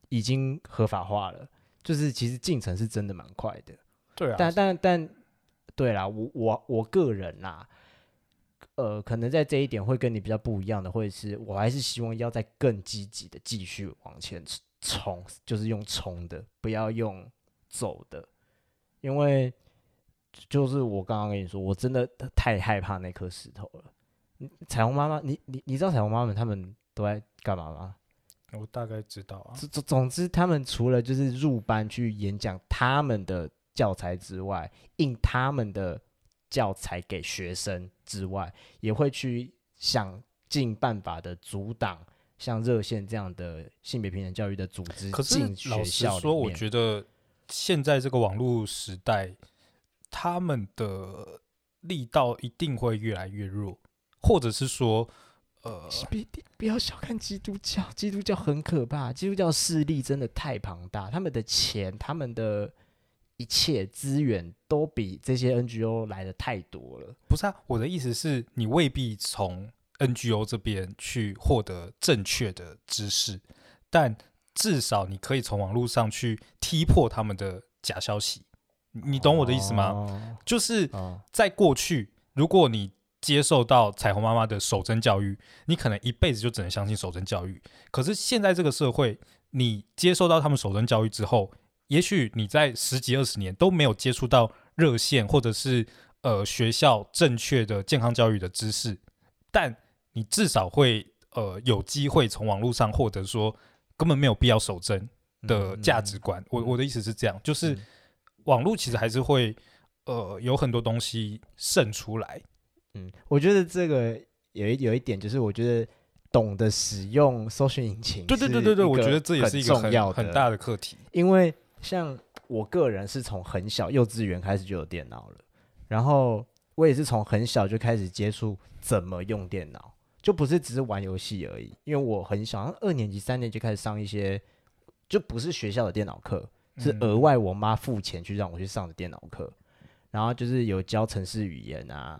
已經合法化了，就是其實進程是真的蠻快的，對啊，但但但對啦，我我我個人啦、啊。呃，可能在這一點會跟你比較不一樣的，或者是我還是希望要再更積極的繼續往前衝，就是用衝的，不要用走的，因為就是我剛剛跟你說，我真的太害怕那顆石頭了。彩虹媽媽，你你你知道彩虹媽媽們他們都在幹嘛嗎？我大概知道啊。總總之，他們除了就是入班去演講他們的教材之外，印他們的。教材給學生之外，也會去想盡辦法的阻擋像熱線這樣的性別平等教育的組織進學校。可是老實說，我覺得現在這個網絡時代，他們的力道一定會越來越弱，或者是說，呃，別，別，不要小看基督教，基督教很可怕，基督教勢力真的太龐大，他們的錢，他們的。一切資源都比這些 NGO 來得太多了。不是啊，我的意思是你未必從 NGO 這邊去獲得正確的知識，但至少你可以從網絡上去踢破他們的假消息。你，你懂我的意思嗎？哦、就是在過去，如果你接受到彩虹媽媽的守貞教育，你可能一輩子就只能相信守貞教育。可是現在這個社會，你接受到他們守貞教育之後。也許你在十幾二十年都沒有接觸到熱線或者是呃學校正確的健康教育的知識，但你至少會呃有機會從網絡上獲得說根本沒有必要守貞的價值觀。嗯嗯、我我的意思是這樣，就是網絡其實還是會、嗯、呃有很多東西滲出來。嗯，我覺得這個有一有一點就是，我覺得懂得使用搜尋引擎，對對對對對，我覺得這也是一個很重要很大的課題，因為。像我個人是從很小幼稚園開始就有電腦了，然後我也是從很小就開始接觸怎麼用電腦，就不是只是玩遊戲而已。因為我很小，二年級、三年級就開始上一些，就不是學校的電腦課，嗯、是額外我媽付錢去讓我去上的電腦課。然後就是有教程式語言啊，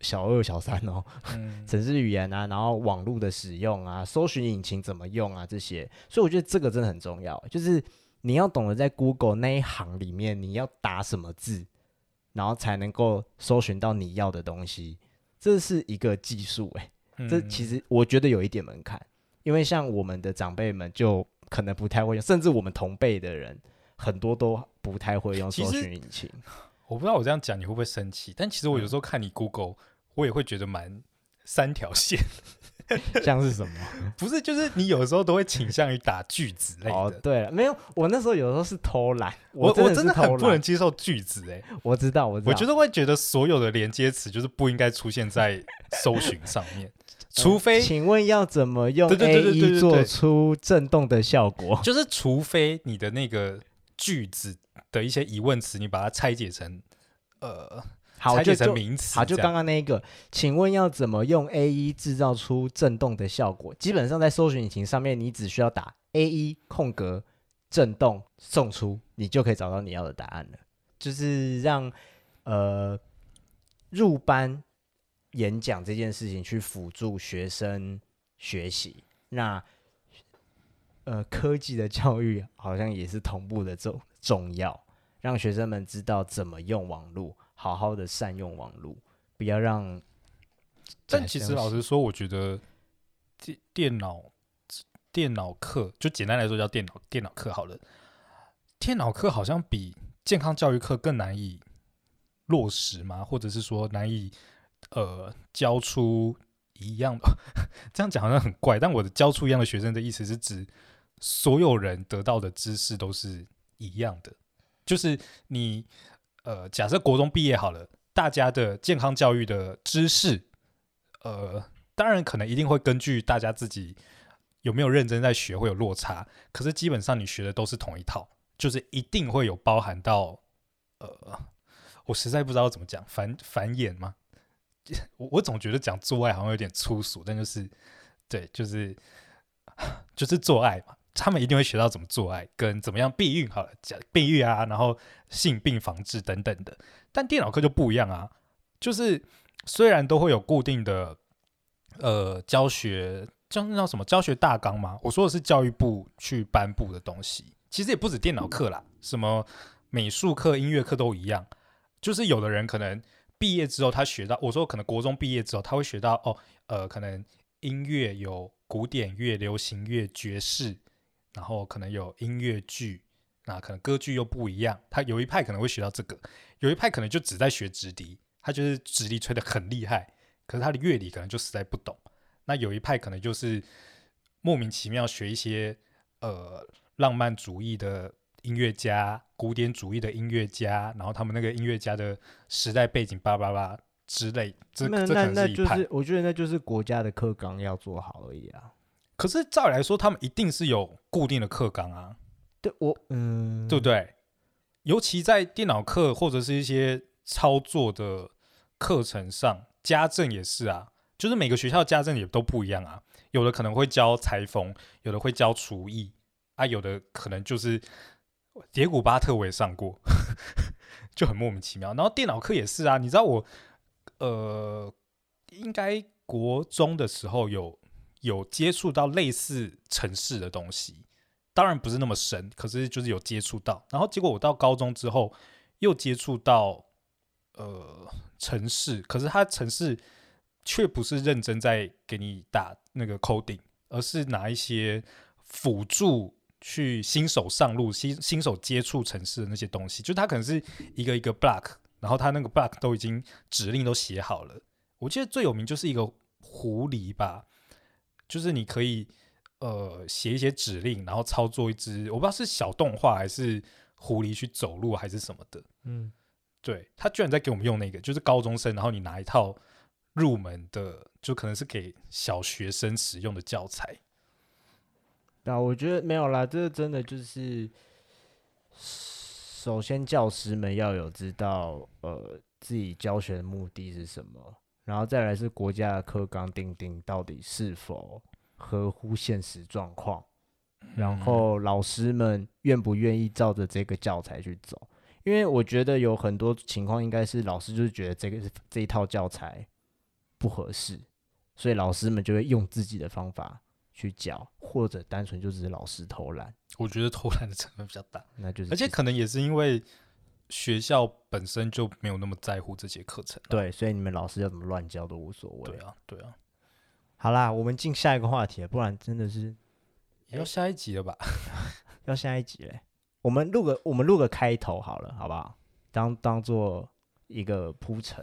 小二、小三哦，嗯、程式語言啊，然後網絡的使用啊，搜尋引擎怎麼用啊這些。所以我覺得這個真的很重要，就是。你要懂得在 Google 那一行裡面，你要打什麼字，然後才能夠搜尋到你要的東西。這是一個技術，欸，哎，嗯，這其實我覺得有一點門檻，因為像我們的長輩們就可能不太會用，甚至我們同輩的人很多都不太會用搜尋引擎。我不知道我這樣講你會不會生氣，但其實我有時候看你 Google，我也會覺得蠻三條線。 像是什麼？不是，就是你有時候都會傾向於打句子類的。哦、對了，沒有，我那時候有時候是偷懶。我真我，我真的很不能接受句子哎。我知道，我知道。我覺得會覺得所有的連接詞就是不應該出現在搜尋上面， 除非、嗯、請問要怎麼用對對對對對對對對對做出震動的效果？就是除非你的那個句子的一些疑問詞，你把它拆解成呃。名好，就就好，就剛剛那一個，請問要怎麼用 A E 製造出震動的效果？基本上在搜尋引擎上面，你只需要打 A E 空格震動送出，你就可以找到你要的答案了。就是讓呃入班演講這件事情去輔助學生學習。那呃科技的教育好像也是同步的重重要，讓學生們知道怎麼用網絡。好好的善用網絡，不要讓。但其實老實說，我覺得電電腦電腦課就簡單來說叫電腦電腦課好了。電腦課好像比健康教育課更難以落實嗎？或者是說難以呃教出一樣的，呵呵，這樣講好像很怪。但我的教出一樣的學生的意思是指所有人得到的知識都是一樣的，就是你。呃，假設國中畢業好了，大家的健康教育的知識，呃，當然可能一定會根據大家自己有沒有認真在學會有落差，可是基本上你學的都是同一套，就是一定會有包含到，呃，我實在不知道怎麼講，繁繁衍嗎？我我總覺得講做愛好像有點粗俗，但就是，對，就是，就是做愛嘛。他們一定會學到怎麼做愛，跟怎麼樣避孕好了，避孕啊，然後性病防治等等的。但電腦課就不一樣啊，就是雖然都會有固定的呃教學，叫那叫什麼教學大綱嘛。我說的是教育部去頒布的東西，其實也不止電腦課啦，什麼美術課、音樂課都一樣。就是有的人可能畢業之後，他學到我說可能國中畢業之後，他會學到哦，呃，可能音樂有古典樂、流行樂、爵士。然後可能有音樂劇，那可能歌劇又不一樣。他有一派可能會學到這個，有一派可能就只在學直笛，他就是直笛吹得很厲害，可是他的樂理可能就實在不懂。那有一派可能就是莫名其妙學一些呃浪漫主義的音樂家、古典主義的音樂家，然後他們那個音樂家的時代背景巴拉巴拉之類，這那這可能是一派，就是。我覺得那就是國家的課綱要做好而已啊。可是照理來說，他們一定是有固定的課綱啊。對我，嗯，對不對？尤其在電腦課或者是一些操作的課程上，家政也是啊。就是每個學校家政也都不一樣啊。有的可能會教裁縫，有的會教廚藝啊，有的可能就是蝶谷巴特我也上過， 就很莫名其妙。然後電腦課也是啊，你知道我呃，應該國中的時候有。有接觸到類似程式的東西，當然不是那麼神，可是就是有接觸到。然後結果我到高中之後又接觸到呃程式，可是他程式卻不是認真在給你打那個 coding，而是拿一些輔助去新手上路，新新手接觸程式的那些東西。就是他可能是一個一個 block，然後他那個 block 都已經指令都寫好了。我記得最有名就是一個狐狸吧。就是你可以呃寫一些指令，然後操作一隻，我不知道是小動畫還是狐狸去走路還是什麼的，嗯，對，他居然在給我們用那個，就是高中生，然後你拿一套入門的，就可能是給小學生使用的教材。那，啊，我覺得沒有啦，這個真的就是，首先教師們要有知道呃自己教學的目的是什麼？然後再來是國家的課綱訂定到底是否合乎現實狀況，然後老師們願不願意照着這個教材去走？因為我覺得有很多情況應該是老師就是覺得這個這一套教材不合適，所以老師們就會用自己的方法去教，或者單純就是老師偷懶。我覺得偷懶的成分比較大，那就是而且可能也是因為。學校本身就沒有那麼在乎這些課程，對，所以你們老師要怎麼亂教都無所謂。對啊，對啊。好啦，我們進下一個話題了，不然真的是要下一集了吧？ 要下一集嘞。我們錄個，我們錄個開頭好了，好不好？當當做一個鋪陳。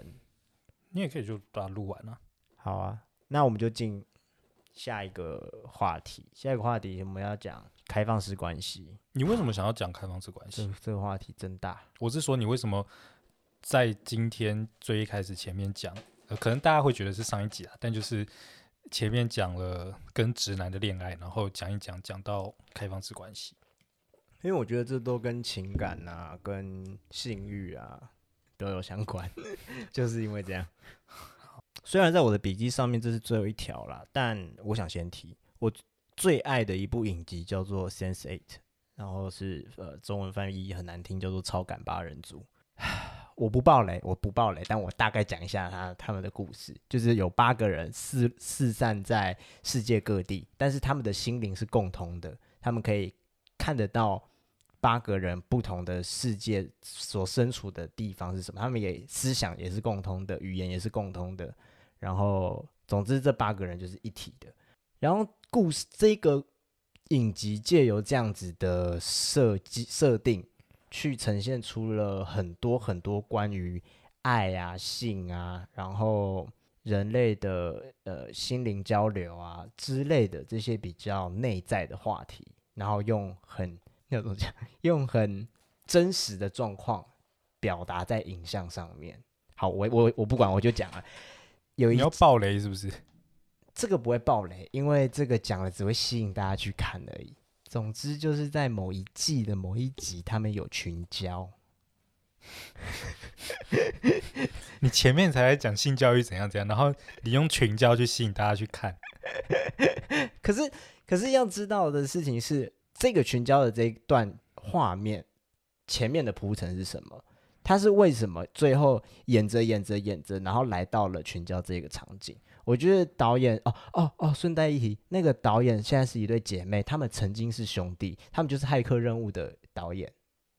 你也可以就把它錄完了啊。好啊，那我們就進。下一個話題，下一個話題我們要講開放式關係。你為什麼想要講開放式關係？啊，這，這個話題真大。我是說，你為什麼在今天最一開始前面講，呃，可能大家會覺得是上一集啊，但就是前面講了跟直男的戀愛，然後講一講，講到開放式關係。因為我覺得這都跟情感啊、跟性慾啊都有相關， 就是因為這樣。 雖然在我的筆記上面這是最後一條啦，但我想先提，我最愛的一部影集叫做《Sense8》，然後是呃中文翻譯很難聽，叫做《超感八人組》。我不爆雷，我不爆雷，但我大概講一下他他們的故事，就是有八個人四四散在世界各地，但是他們的心靈是共通的，他們可以看得到八個人不同的世界所身處的地方是什麼，他們也思想也是共通的，語言也是共通的。然後，總之，這八個人就是一體的。然後，故事這個影集借由這樣子的設計設定，去呈現出了很多很多關於愛啊、性啊，然後人類的呃心靈交流啊之類的這些比較內在的話題，然後用很那怎麼講，用很真實的狀況表達在影像上面。好，我我我不管，我就講了。有一集你要爆雷是不是？這個不會爆雷，因為這個講了只會吸引大家去看而已。總之就是在某一季的某一集，他們有群交。 你前面才在講性教育怎樣怎樣，然後你用群交去吸引大家去看。 可是，可是要知道的事情是，這個群交的這一段畫面，前面的鋪陳是什麼？他是為什麼最後演着演着演着，然後來到了群交這個場景？我覺得導演哦哦哦，順帶一提，那個導演現在是一對姐妹，他們曾經是兄弟，他們就是《駭客任務》的導演。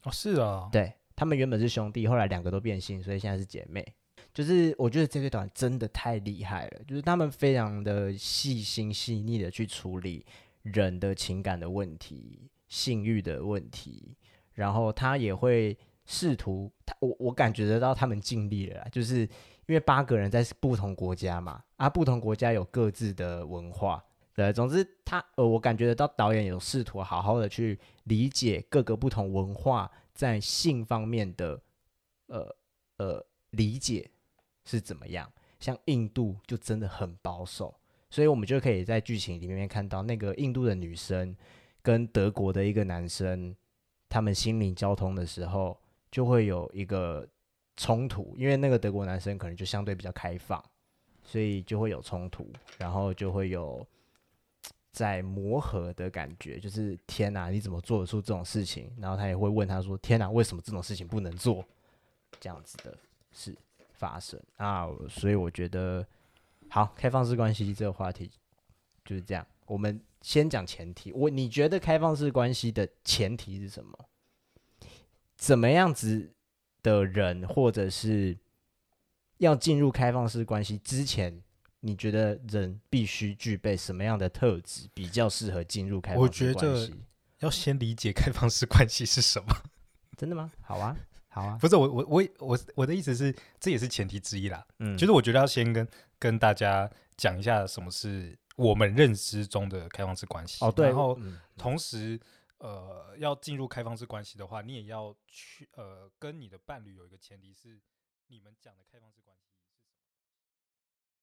哦，是啊、哦，對，他們原本是兄弟，後來兩個都變性，所以現在是姐妹。就是我覺得這個導演真的太厲害了，就是他們非常的細心細膩的去處理人的情感的問題、性慾的問題，然後他也會。試圖他，我我感覺得到他們盡力了啦，就是因為八個人在不同國家嘛，啊，不同國家有各自的文化，對，總之他呃，我感覺得到導演有試圖好好的去理解各個不同文化在性方面的呃呃理解是怎麼樣，像印度就真的很保守，所以我們就可以在劇情裡面看到那個印度的女生跟德國的一個男生他們心靈交通的時候。就會有一個衝突，因為那個德國男生可能就相對比較開放，所以就會有衝突，然後就會有在磨合的感覺。就是天哪，你怎麼做得出這種事情？然後他也會問他說：“天哪，為什麼這種事情不能做？”這樣子的事發生。啊，所以我覺得，好，開放式關係這個話題就是這樣。我們先講前提，我你覺得開放式關係的前提是什麼？怎麼樣子的人，或者是要進入開放式關係之前，你覺得人必須具備什麼樣的特質，比較適合進入開放式關係？我覺得要先理解開放式關係是什麼，真的嗎？好啊，好啊，不是我我我我我的意思是，這也是前提之一啦。嗯，就是我覺得要先跟跟大家講一下什麼是我們認知中的開放式關係哦，對，然後、嗯嗯、同時。呃，要進入開放式關係的話，你也要去呃，跟你的伴侶有一個前提是，你們講的開放式關係。